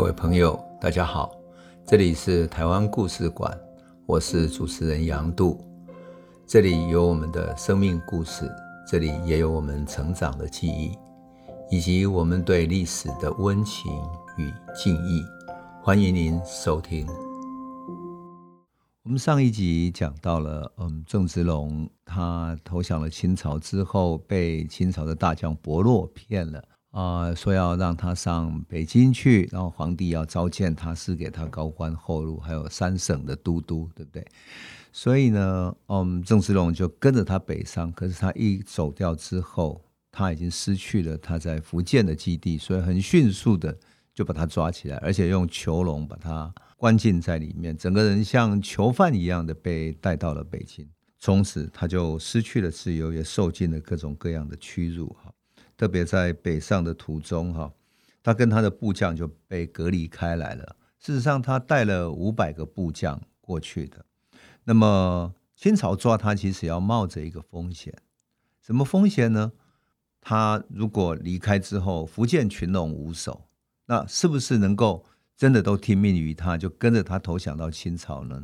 各位朋友，大家好，這裡是台灣故事館，我是主持人楊度，這裡有我們的生命故事，這裡也有我們成長的記憶，以及我們對歷史的溫情與敬意。歡迎您收聽。我們上一集講到了，嗯，鄭芝龍他投降了清朝之後，被清朝的大將博洛騙了。啊、呃，說要讓他上北京去，然後皇帝要召見他，賜給他高官厚祿，還有三省的都督，對不對？所以呢，嗯，鄭芝龍就跟着他北上。可是他一走掉之後，他已經失去了他在福建的基地，所以很迅速的就把他抓起來，而且用囚籠把他關進在裡面，整個人像囚犯一樣的被帶到了北京。從此，他就失去了自由，也受盡了各種各樣的屈辱。特別在北上的途中，哈，他跟他的部將就被隔離開來了。事實上，他帶了五百個部將過去的。那麼，清朝抓他其實要冒着一個風險，什麼風險呢？他如果離開之後，福建群龍無首，那是不是能夠真的都聽命於他，就跟着他投降到清朝呢？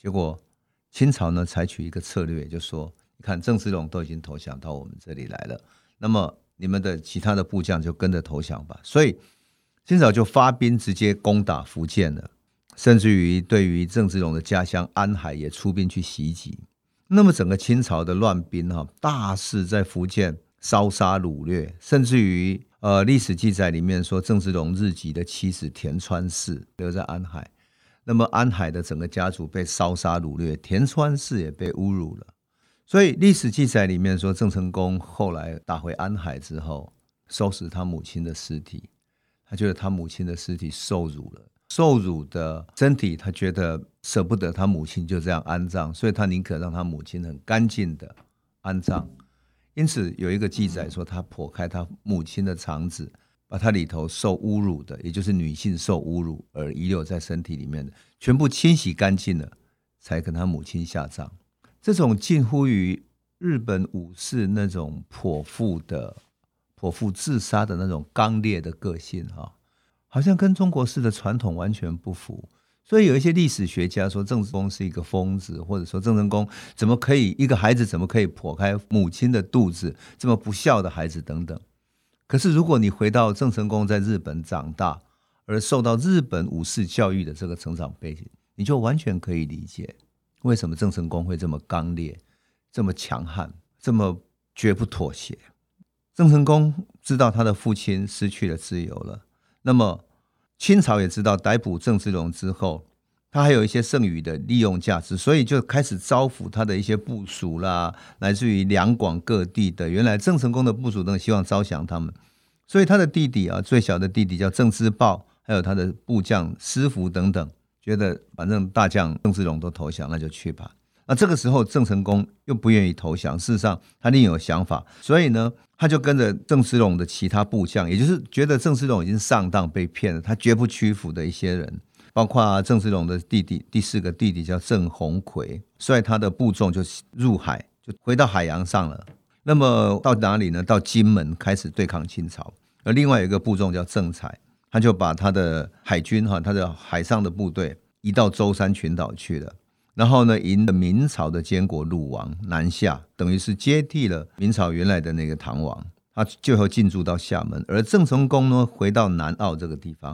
結果，清朝呢採取一個策略，就說：你看，鄭芝龍都已經投降到我們這裡來了，那麼。你們的其他的部將就跟着投降吧，所以清朝就發兵直接攻打福建了，甚至於對於鄭芝龍的家鄉安海也出兵去襲擊。那麼整個清朝的亂兵哈，大肆在福建燒殺擄掠，甚至於呃歷史記載裡面說，鄭芝龍日籍的妻子田川氏留在安海，那麼安海的整個家族被燒殺擄掠，田川氏也被侮辱了。所以歷史記載裡面說，鄭成功後來打回安海之後，收拾他母親的屍體，他覺得他母親的屍體受辱了，受辱的身體，他覺得捨不得他母親就這樣安葬，所以他寧可讓他母親很乾淨的安葬。因此有一個記載說，他剖開他母親的腸子，把他裡頭受侮辱的，也就是女性受侮辱而遺留在身體裡面的，全部清洗乾淨了，才跟他母親下葬。這種近乎於日本武士那種剖腹的，剖腹自殺的那種剛烈的個性，哈，好像跟中國式的傳統完全不符。所以有一些歷史學家說，鄭成功是一個瘋子，或者說鄭成功怎麼可以，一個孩子怎麼可以剖開母親的肚子，這麼不孝的孩子等等。可是如果你回到鄭成功在日本長大，而受到日本武士教育的這個成長背景，你就完全可以理解。為什麼鄭成功會這麼剛烈、這麼強悍、這麼絕不妥協？鄭成功知道他的父親失去了自由了，那麼清朝也知道逮捕鄭芝龍之後，他還有一些剩餘的利用價值，所以就開始招撫他的一些部屬啦，來自於兩廣各地的。原來鄭成功的部屬都希望招降他們，所以他的弟弟啊，最小的弟弟叫鄭芝豹，還有他的部將施福等等。覺得反正大將鄭芝龍都投降，那就去吧。那這個時候，鄭成功又不願意投降。事實上，他另有想法，所以呢，他就跟着鄭芝龍的其他部將，也就是覺得鄭芝龍已經上當被騙了，他絕不屈服的一些人，包括鄭芝龍的弟弟，第四個弟弟叫鄭鴻逵。所以他的部眾就入海，就回到海洋上了。那麼到哪裡呢？到金門開始對抗清朝。而另外有一個部眾叫鄭彩。他就把他的海軍哈，他的海上的部隊移到舟山群島去了。然後呢，迎了明朝的監國魯王南下，等於是接替了明朝原來的那個唐王。他最後進駐到廈門，而鄭成功呢，回到南澳這個地方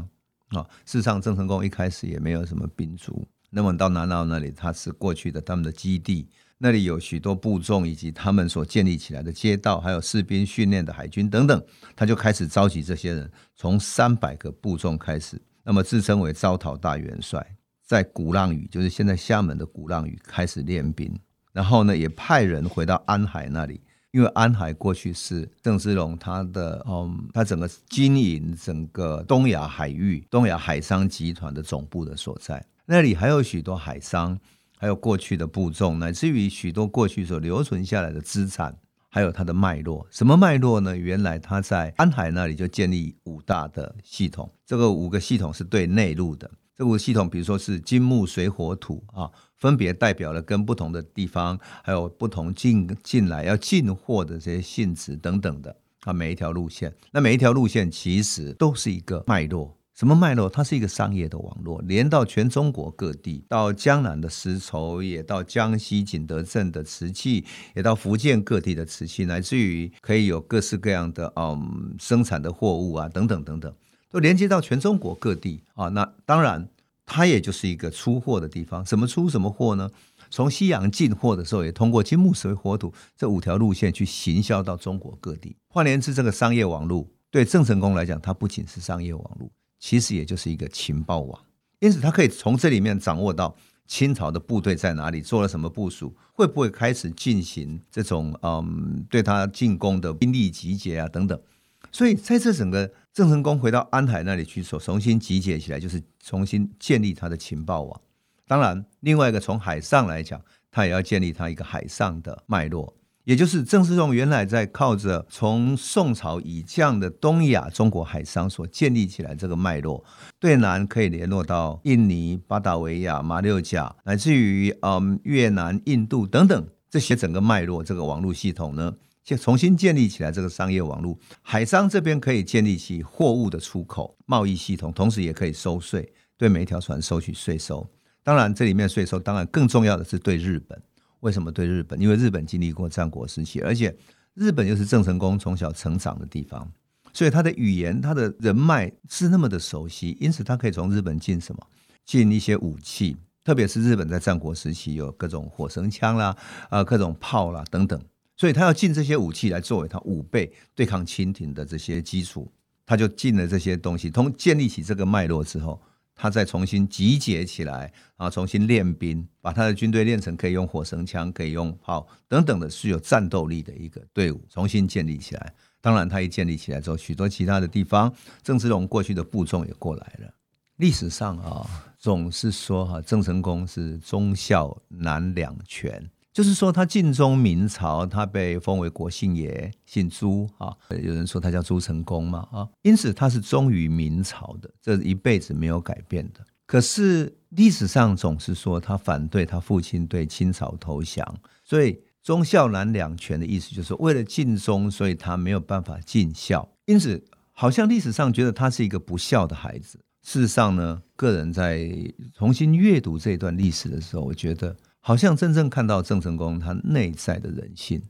啊、哦。事實上，鄭成功一開始也沒有什麼兵卒，那麼到南澳那裡，他是過去的他們的基地。那裡有許多部眾以及他們所建立起來的街道，還有士兵訓練的海軍等等，他就開始召集這些人，從三百個部眾開始，那麼自稱為招討大元帥，在鼓浪嶼，就是現在廈門的鼓浪嶼開始練兵，然後呢，也派人回到安海那裡，因為安海過去是鄭芝龍他的嗯，他整個經營整個東亞海域、東亞海商集團的總部的所在，那裡還有許多海商。還有過去的部眾，乃至於許多過去所留存下來的資產，還有它的脈絡。什麼脈絡呢？原來他在安海那裡就建立五大的系統。這個五個系統是對內陸的。這五個系統，比如說是金木水火土啊，分別代表了跟不同的地方，還有不同進進來要進貨的這些性質等等的啊。每一條路線，那每一條路線其實都是一個脈絡。什麼脈絡？它是一個商業的網絡，連到全中國各地，到江南的絲綢，也到江西景德鎮的瓷器，也到福建各地的瓷器，乃至於可以有各式各樣的嗯生產的貨物啊，等等等等，都連接到全中國各地啊。那當然，它也就是一個出貨的地方。怎麼出什麼貨呢？從西洋進貨的時候，也通過金、木、水、火、土這五條路線去行銷到中國各地。換言之，這個商業網絡對鄭成功來講，它不僅是商業網絡。其實也就是一個情報網，因此他可以從這裡面掌握到清朝的部隊在哪裡，做了什麼部署，會不會開始進行這種嗯對他進攻的兵力集結啊等等。所以在這整個鄭成功回到安海那裡去，所重新集結起來，就是重新建立他的情報網。當然，另外一個從海上來講，他也要建立他一個海上的脈絡。也就是鄭氏從原來在靠着從宋朝以降的東亞中國海商所建立起來這個脈絡，對南可以聯絡到印尼、巴達維亞、馬六甲，乃至於嗯、呃、越南、印度等等這些整個脈絡這個網絡系統呢，就重新建立起來這個商業網絡，海商這邊可以建立起貨物的出口貿易系統，同時也可以收稅，對每一條船收取稅收。當然，這裡面稅收當然更重要的是對日本。為什麼對日本？因為日本經歷過戰國時期，而且日本又是鄭成功從小成長的地方，所以他的語言、他的人脈是那麼的熟悉，因此他可以從日本進什麼？進一些武器，特別是日本在戰國時期有各種火繩槍啦、啊各種炮啦等等，所以他要進這些武器來作為他武備對抗清廷的這些基礎，他就進了這些東西，通建立起這個脈絡之後。他再重新集結起來，啊，重新練兵，把他的軍隊練成可以用火繩槍、可以用炮等等的，是有戰鬥力的一個隊伍，重新建立起來。當然，他一建立起來之後，許多其他的地方，鄭芝龍過去的部眾也過來了。歷史上啊、哦，總是說啊，鄭成功是忠孝難兩全。就是說，他盡忠明朝，他被封為國姓爺，姓朱啊。有人說他叫朱成功嘛，啊。因此，他是忠於明朝的，這一輩子沒有改變的。可是歷史上總是說他反對他父親對清朝投降，所以忠孝難兩全的意思，就是說為了盡忠，所以他沒有辦法盡孝。因此，好像歷史上覺得他是一個不孝的孩子。事實上呢，個人在重新閱讀這段歷史的時候，我覺得。好像真正看到鄭成功他內在的人性，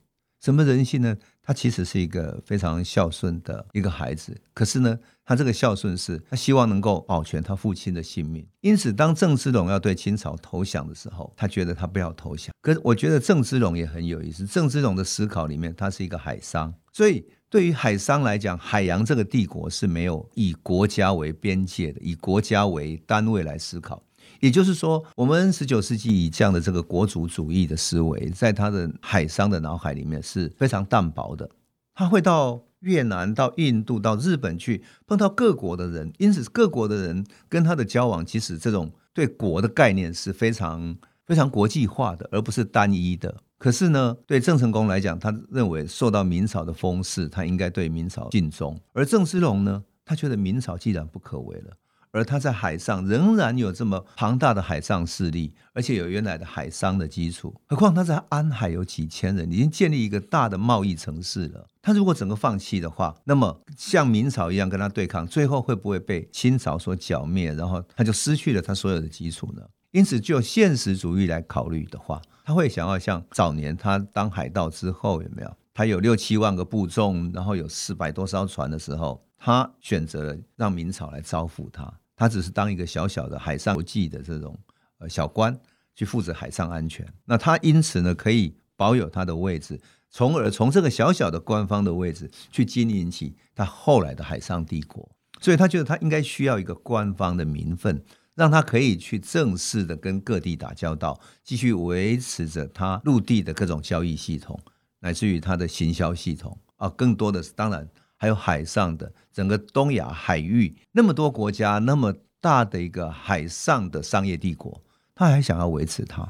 什麼人性呢？他其實是一個非常孝順的一個孩子。可是呢，他這個孝順是他希望能夠保全他父親的性命。因此，當鄭芝龍要對清朝投降的時候，他覺得他不要投降。可是，我覺得鄭芝龍也很有意思。鄭芝龍的思考裡面，他是一個海商，所以對於海商來講，海洋這個帝國是沒有以國家為邊界的，以國家為單位來思考。也就是說，我們十九世紀以這樣的這個國族主義的思維，在他的海商的腦海裡面是非常淡薄的。他會到越南、到印度、到日本去碰到各國的人，因此各國的人跟他的交往，即使這種對國的概念是非常非常國際化的，而不是單一的。可是呢，對鄭成功來講，他認為受到明朝的封賜，他應該對明朝盡忠；而鄭芝龍呢，他覺得明朝既然不可為了。而他在海上仍然有這麼龐大的海上勢力，而且有原來的海商的基礎。何況他在安海有幾千人，已經建立一個大的貿易城市了。他如果整個放棄的話，那麼像明朝一樣跟他對抗，最後會不會被清朝所剿滅，然後他就失去了他所有的基礎呢？因此，就現實主義來考慮的話，他會想要像早年他當海盜之後有沒有？他有六七萬個部眾，然後有四百多艘船的時候，他選擇了讓明朝來招撫他。他只是當一個小小的海上國際的這種呃小官，去負責海上安全。那他因此呢，可以保有他的位置，從而從這個小小的官方的位置去經營起他後來的海上帝國。所以他覺得他應該需要一個官方的名分，讓他可以去正式的跟各地打交道，繼續維持着他陸地的各種交易系統，乃至於他的行銷系統啊。更多的是當然。還有海上的整個東亞海域那麼多國家，那麼大的一個海上的商業帝國，他還想要維持它，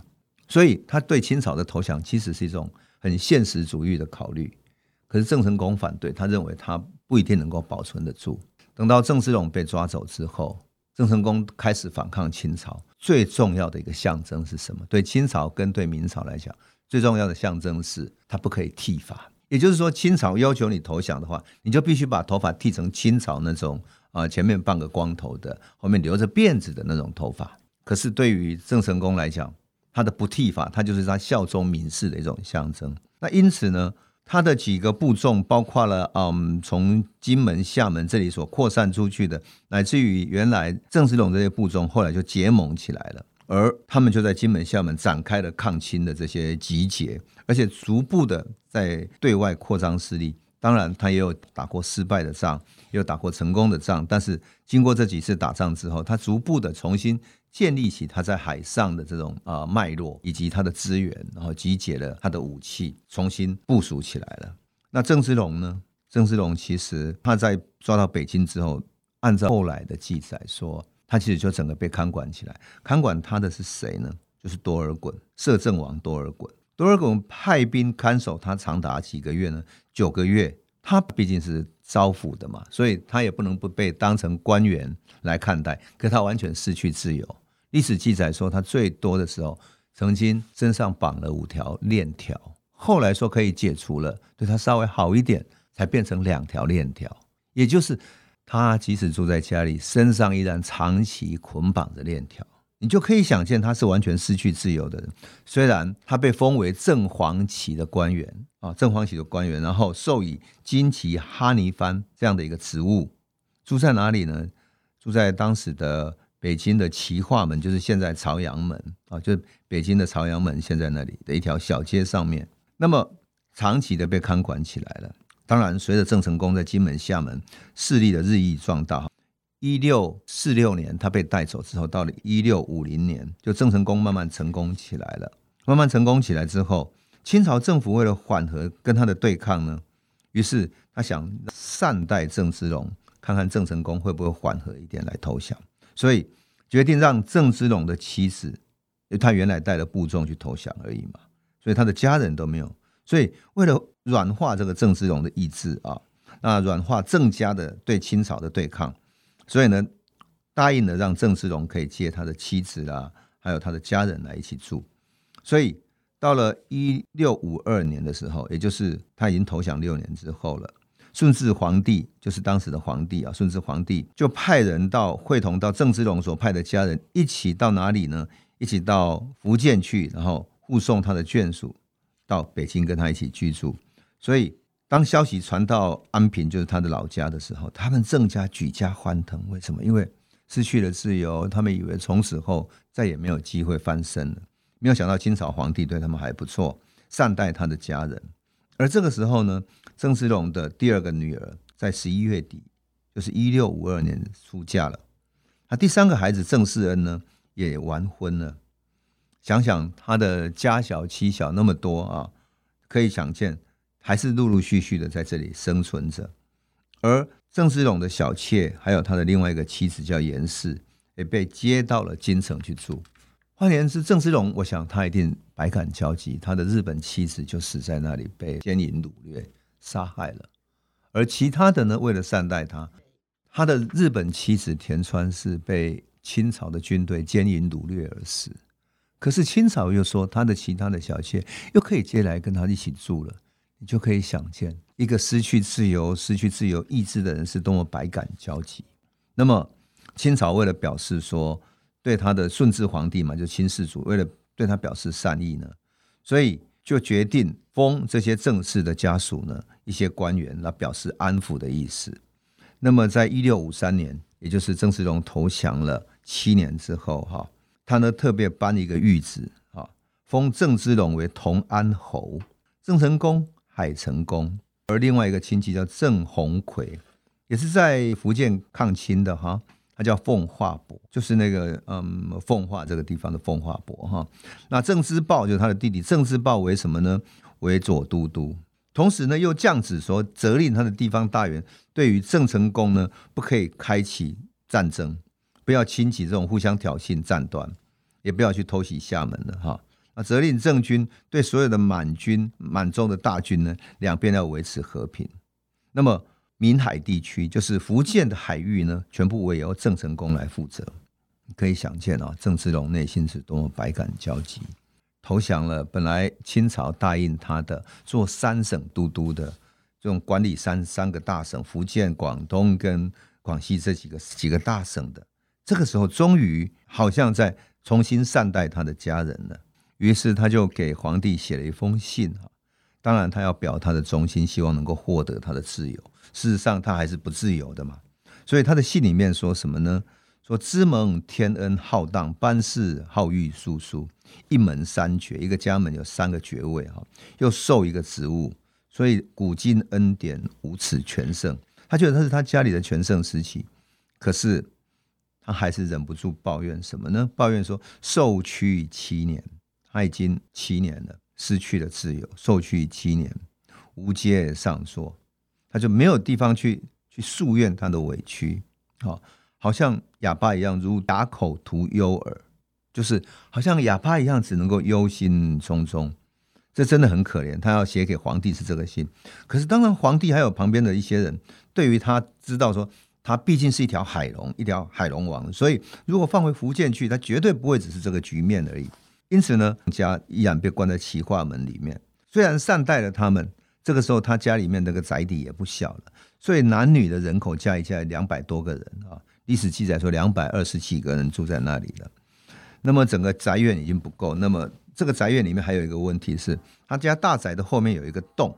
所以他對清朝的投降其實是一種很現實主義的考慮。可是鄭成功反對，他認為他不一定能夠保存得住。等到鄭芝龍被抓走之後，鄭成功開始反抗清朝。最重要的一個象徵是什麼？對清朝跟對明朝來講，最重要的象徵是他不可以剃髮。也就是說，清朝要求你投降的話，你就必須把頭髮剃成清朝那種啊、呃，前面半個光頭的，後面留着辮子的那種頭髮。可是對於鄭成功來講，他的不剃髮，他就是他效忠明室的一種象徵。那因此呢，他的幾個部眾，包括了嗯從、呃、金門、廈門這裡所擴散出去的，乃至於原來鄭芝龍這些部眾，後來就結盟起來了。而他們就在金門、廈門展開了抗清的這些集結，而且逐步的在對外擴張勢力。當然，他也有打過失敗的仗，也有打過成功的仗。但是經過這幾次打仗之後，他逐步的重新建立起他在海上的這種啊脈絡，以及他的資源，然後集結了他的武器，重新部署起來了。那鄭芝龍呢？鄭芝龍其實他在抓到北京之後，按照後來的記載來說。他其實就整個被看管起來，看管他的是誰呢？就是多爾袞攝政王多爾袞。多爾袞派兵看守他，長達幾個月呢？九個月。他畢竟是招撫的嘛，所以他也不能不被當成官員來看待。可他完全失去自由。歷史記載說，他最多的時候曾經身上綁了五條鏈條，後來說可以解除了，對他稍微好一點，才變成兩條鏈條，也就是。他即使住在家裡，身上依然長期捆綁着鏈條，你就可以想見他是完全失去自由的人。雖然他被封為正黃旗的官員啊，正黃旗的官員，然後授以金旗哈尼番這樣的一個職務，住在哪裡呢？住在當時的北京的齊化門，就是現在朝陽門啊，就是北京的朝陽門，現在那裡的一條小街上面，那麼長期的被看管起來了。當然，隨着鄭成功在金門、廈門勢力的日益壯大，一六四六年他被帶走之後，到了一六五零年，就鄭成功慢慢成功起來了。慢慢成功起來之後，清朝政府為了緩和跟他的對抗呢，於是他想善待鄭芝龍，看看鄭成功會不會緩和一點來投降，所以決定讓鄭芝龍的妻子，因為他原來帶的部眾去投降而已嘛，所以他的家人都沒有。所以，為了軟化這個鄭芝龍的意志啊，那軟化鄭家的對清朝的對抗，所以呢，答應了讓鄭芝龍可以接他的妻子啦、啊，還有他的家人來一起住。所以，到了一六五二年的時候，也就是他已經投降六年之後了，順治皇帝就是當時的皇帝啊，順治皇帝就派人到會同到鄭芝龍所派的家人一起到哪裡呢？一起到福建去，然後護送他的眷屬，到北京跟他一起居住，所以當消息傳到安平，就是他的老家的時候，他們鄭家舉家歡騰。為什麼？因為失去了自由，他們以為從此後再也沒有機會翻身了。沒有想到清朝皇帝對他們還不錯，善待他的家人。而這個時候呢，鄭芝龍的第二個女兒在十一月底，就是一六五二年出嫁了。那第三個孩子鄭世恩呢，也完婚了。想想他的家小妻小那麼多啊，可以想見，還是陸陸續續的在這裡生存着。而鄭芝龍的小妾，還有他的另外一個妻子叫嚴氏，也被接到了京城去住。換言之，鄭芝龍，我想他一定百感交集。他的日本妻子就死在那裡，被奸淫擄掠殺害了。而其他的呢，為了善待他，他的日本妻子田川是被清朝的軍隊奸淫擄掠而死。可是清朝又說他的其他的小妾又可以接來跟他一起住了。你就可以想見一個失去自由、失去自由意志的人是多麼百感交集。那麼清朝為了表示說對他的順治皇帝嘛，就清世祖，為了對他表示善意呢，所以就決定封這些鄭氏的家屬呢一些官員來表示安撫的意思。那麼在一六五三年，也就是鄭芝龍投降了七年之後，哈。他呢特別頒了一個諭旨啊，封鄭芝龍為同安侯，鄭成功、海澄公，而另外一個親戚叫鄭鴻逵，也是在福建抗清的哈，他叫奉化伯，就是那個嗯奉化這個地方的奉化伯哈。那鄭芝豹就是他的弟弟，鄭芝豹為什麼呢？為左都督，同時呢又降旨說，責令他的地方大員對於鄭成功呢不可以開啟戰爭。不要輕啟這種互相挑釁戰端，也不要去偷襲廈門了哈。那責令鄭軍對所有的滿軍、滿洲的大軍呢，兩邊要維持和平。那麼閩海地區，就是福建的海域呢，全部為由由鄭成功來負責。你可以想見啊、哦，鄭芝龍內心是多麼百感交集。投降了，本來清朝答應他的做三省都督的這種管理三三個大省，福建、廣東跟廣西這幾個幾個大省的。這個時候，終於好像在重新善待他的家人了。於是他就給皇帝寫了一封信。當然，他要表他的忠心，希望能夠獲得他的自由。事實上，他還是不自由的嘛。所以他的信裡面說什麼呢？說知蒙天恩浩蕩，班氏浩玉叔叔，一門三爵，一個家門有三個爵位哈，又受一個職務，所以古今恩典無此全盛。他覺得他是他家裡的全盛時期，可是。他還是忍不住抱怨什麼呢？抱怨說受屈七年，他已經七年了，失去了自由，受屈七年，無界上說，他就沒有地方去去訴怨他的委屈，好，好像啞巴一樣，如啞口徒憂耳，就是好像啞巴一樣，只能夠憂心忡忡，這真的很可憐。他要寫給皇帝是這個信，可是當然皇帝還有旁邊的一些人，對於他知道說。他畢竟是一條海龍，一條海龍王，所以如果放回福建去，他絕對不會只是這個局面而已。因此呢，家依然被關在齊化門裡面。雖然善待了他們，這個時候他家裡面那個宅邸也不小了，所以男女的人口加一加兩百多個人啊，歷史記載說兩百二十幾個人住在那裡了。那麼整個宅院已經不夠，那麼這個宅院裡面還有一個問題是，他家大宅的後面有一個洞。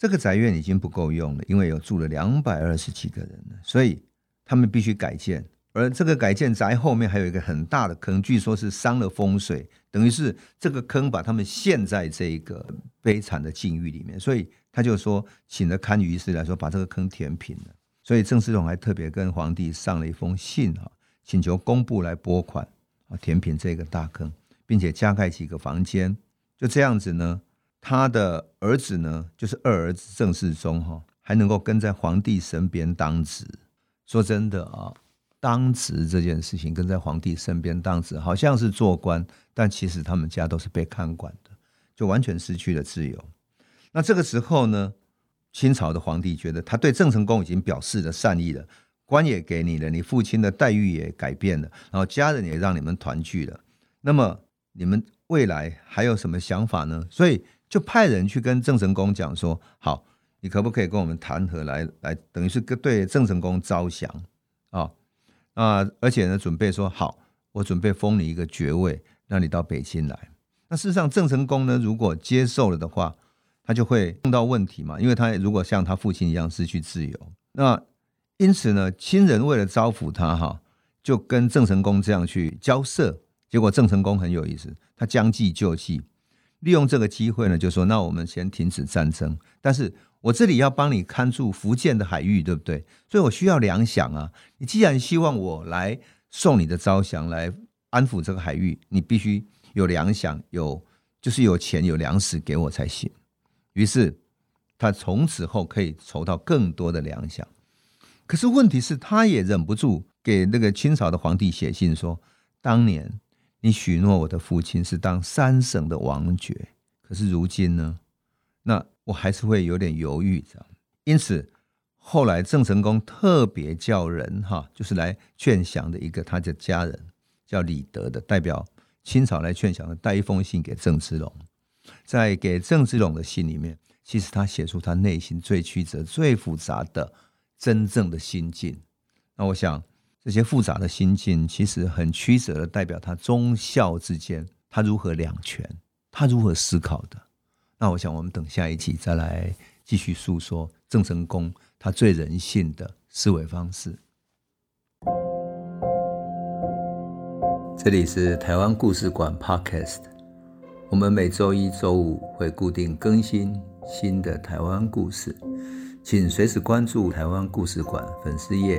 這個宅院已經不夠用了，因為有住了兩百二十幾個人了，所以他們必須改建。而這個改建宅後面還有一個很大的坑，據說是傷了風水，等於是這個坑把他們陷在這一個悲慘的境遇裡面。所以他就說，請了堪輿師來說，把這個坑填平了。所以鄭芝龍還特別跟皇帝上了一封信啊，請求工部來撥款啊填平這個大坑，並且加蓋幾個房間，就這樣子呢。他的兒子呢，就是二兒子鄭世忠。哈，還能夠跟在皇帝身邊當值。說真的啊，當值這件事情，跟在皇帝身邊當值，好像是做官，但其實他們家都是被看管的，就完全失去了自由。那這個時候呢，清朝的皇帝覺得他對鄭成功已經表示了善意了，官也給你了，你父親的待遇也改變了，然後家人也讓你們團聚了。那麼你們未來還有什麼想法呢？所以。就派人去跟鄭成功講說：“好，你可不可以跟我們談和來來？等於是跟對鄭成功招降啊啊！而且呢，準備說好，我準備封你一個爵位，讓你到北京來。那事實上，鄭成功呢，如果接受了的話，他就會碰到問題嘛，因為他如果像他父親一樣失去自由。那因此呢，親人為了招撫他哈、哦，就跟鄭成功這樣去交涉。結果鄭成功很有意思，他將計就計。”利用這個機會呢，就說那我們先停止戰爭。但是我這裡要幫你看住福建的海域，對不對？所以我需要糧餉啊！你既然希望我來送你的招降，來安撫這個海域，你必須有糧餉，有就是有錢，有糧食給我才行。於是他從此後可以籌到更多的糧餉。可是問題是，他也忍不住給那個清朝的皇帝寫信說，當年。你許諾我的父親是當三省的王爵，可是如今呢？那我還是會有點猶豫，這樣。因此，後來鄭成功特別叫人哈，就是來勸降的一個他的家人，叫李德的，代表清朝，來勸降的，帶一封信給鄭芝龍。在給鄭芝龍的信裡面，其實他寫出他內心最曲折、最複雜的真正的心境。那我想。這些複雜的心境，其實很曲折的代表他忠孝之間，他如何兩全，他如何思考的。那我想，我們等下一集再來繼續述說鄭成功他最人性的思維方式。這裡是台灣故事館 Podcast，我們每周一、周五會固定更新新的台灣故事，請隨時關注台灣故事館粉絲頁，